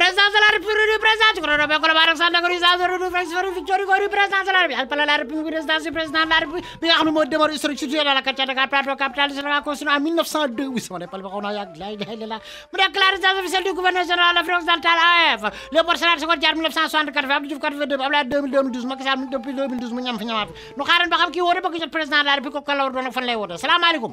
prezențelari părâni prezenți, cu rără pe acolo bară să negori să zără nu vrei să vă victorii gori prezențelari, al pălă la râpul gori să prezențelari la râpul, mi am mod de mori sărăciu la căcea de a 1902 să ne palba ona ia glai de la. Mi a clar să vă săldu guvernul general afrox dal TAF. Le personal să cordiar 1964 abdu car de abla 2012 mă că am de 2012 mă am făcut. Nu care nu am că ore pe că prezențelari pe că la ordonă fan le ore. Salam alaikum.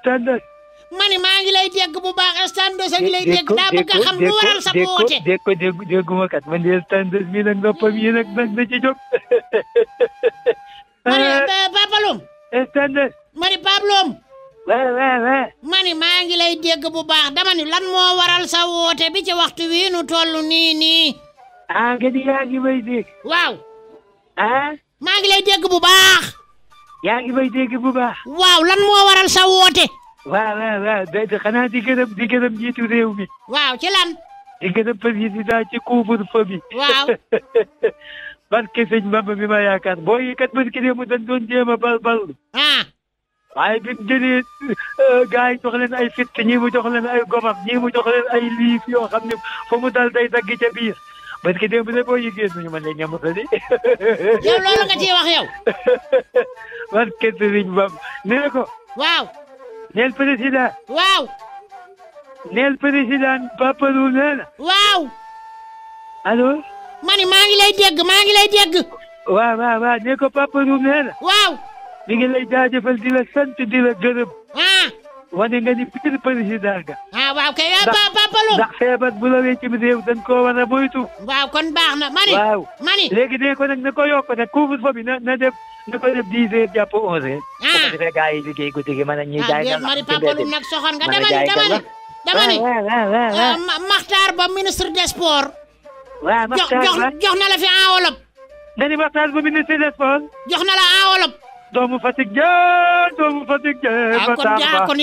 standard mani mangi lay deg bu baax standard sa ngi lay deg da bëgg xam lu waral sa woote ko kat man mi noppam yi na ci mani papalum eh. eh, mani pablum mani mangi lay deg bu baax dama ni lan mo waral sa wote bi ci waxtu wi nu tollu ni ni. ah may waaw ah lay bu baax yaa ngi may dégg bu baax. waaw lan moo waral sa woote. waaw waaw waaw day xanaa di gërëm di gërëm njiitu réew mi. waaw ci lan. di gërëm président ci couvre-feu bi. waaw. barke sëñ Bamba bi ma yaakaar boo yi kat bët a bal bal. ah. waaye bi mu jëlee euh, gars jox leen ay fitt ñii mu jox leen ay gomam ñii mu ay liif yoo xam ne fa mu dal day dagg ca biir. parce que démb de boo yi génn ñu mën leen ñamutali. yow loolu wax yow. barke Sëriñ Bamba nee ko. waaw. neel président. waaw. neel président Papa Ndour nee na. waaw. allo. maa ngi lay dégg maa ngi lay dégg. waaw waaw waaw ko Papa Ndour nee na. waaw. mi ngi lay jaajëfal di sant di la gërëm. wane nga ni pire président nga. ah waaw kay eh, ah Papa Loum. ndax feebar bu la wéy ci réew dañ koo war a moytu. waaw kon baax na mani. waaw mani. léegi dee ko nag na ko yokk nag couvre-feu bi na na def na ko def dix heures jàpp onze heures. ah bu ko defee gars yi liggéey guddi gi mën ah, a ñuy jaay nga la. ah Papa Loum nag soxor nga Ba ministre des sports. waaw Makhtar Ba jox jox na ni Makhtar Ba ministre des sports. jox na la enveloppe. doomu Fatick jën. ah kon jaa kon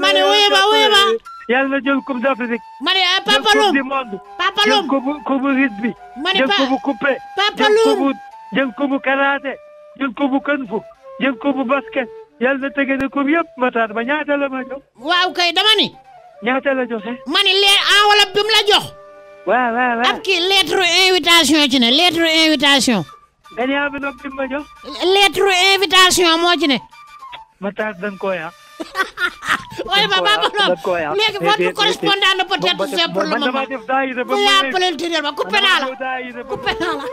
ma ne wuyu ma wuyu ma. yàlla na jël coupe d'Afrique. ma ne ah Papa Loum pa Papa Loum jël coupe karaté jël coupe kung fu jël coupe basket yàlla na tege ne coupe yëpp Matar ba ñaata la ma jox. waaw kay dama ñaata la joxe. ma lee enveloppe bi la jox. waaw waaw waaw. ab ci ne lettre invitation. gagnant bi nag lim ma moo ci ne. Matar dañ ko yaa. waaye ba ba ko yaa léegi votre correspondant peut être c'est pour le moment. bu laa appelé le ba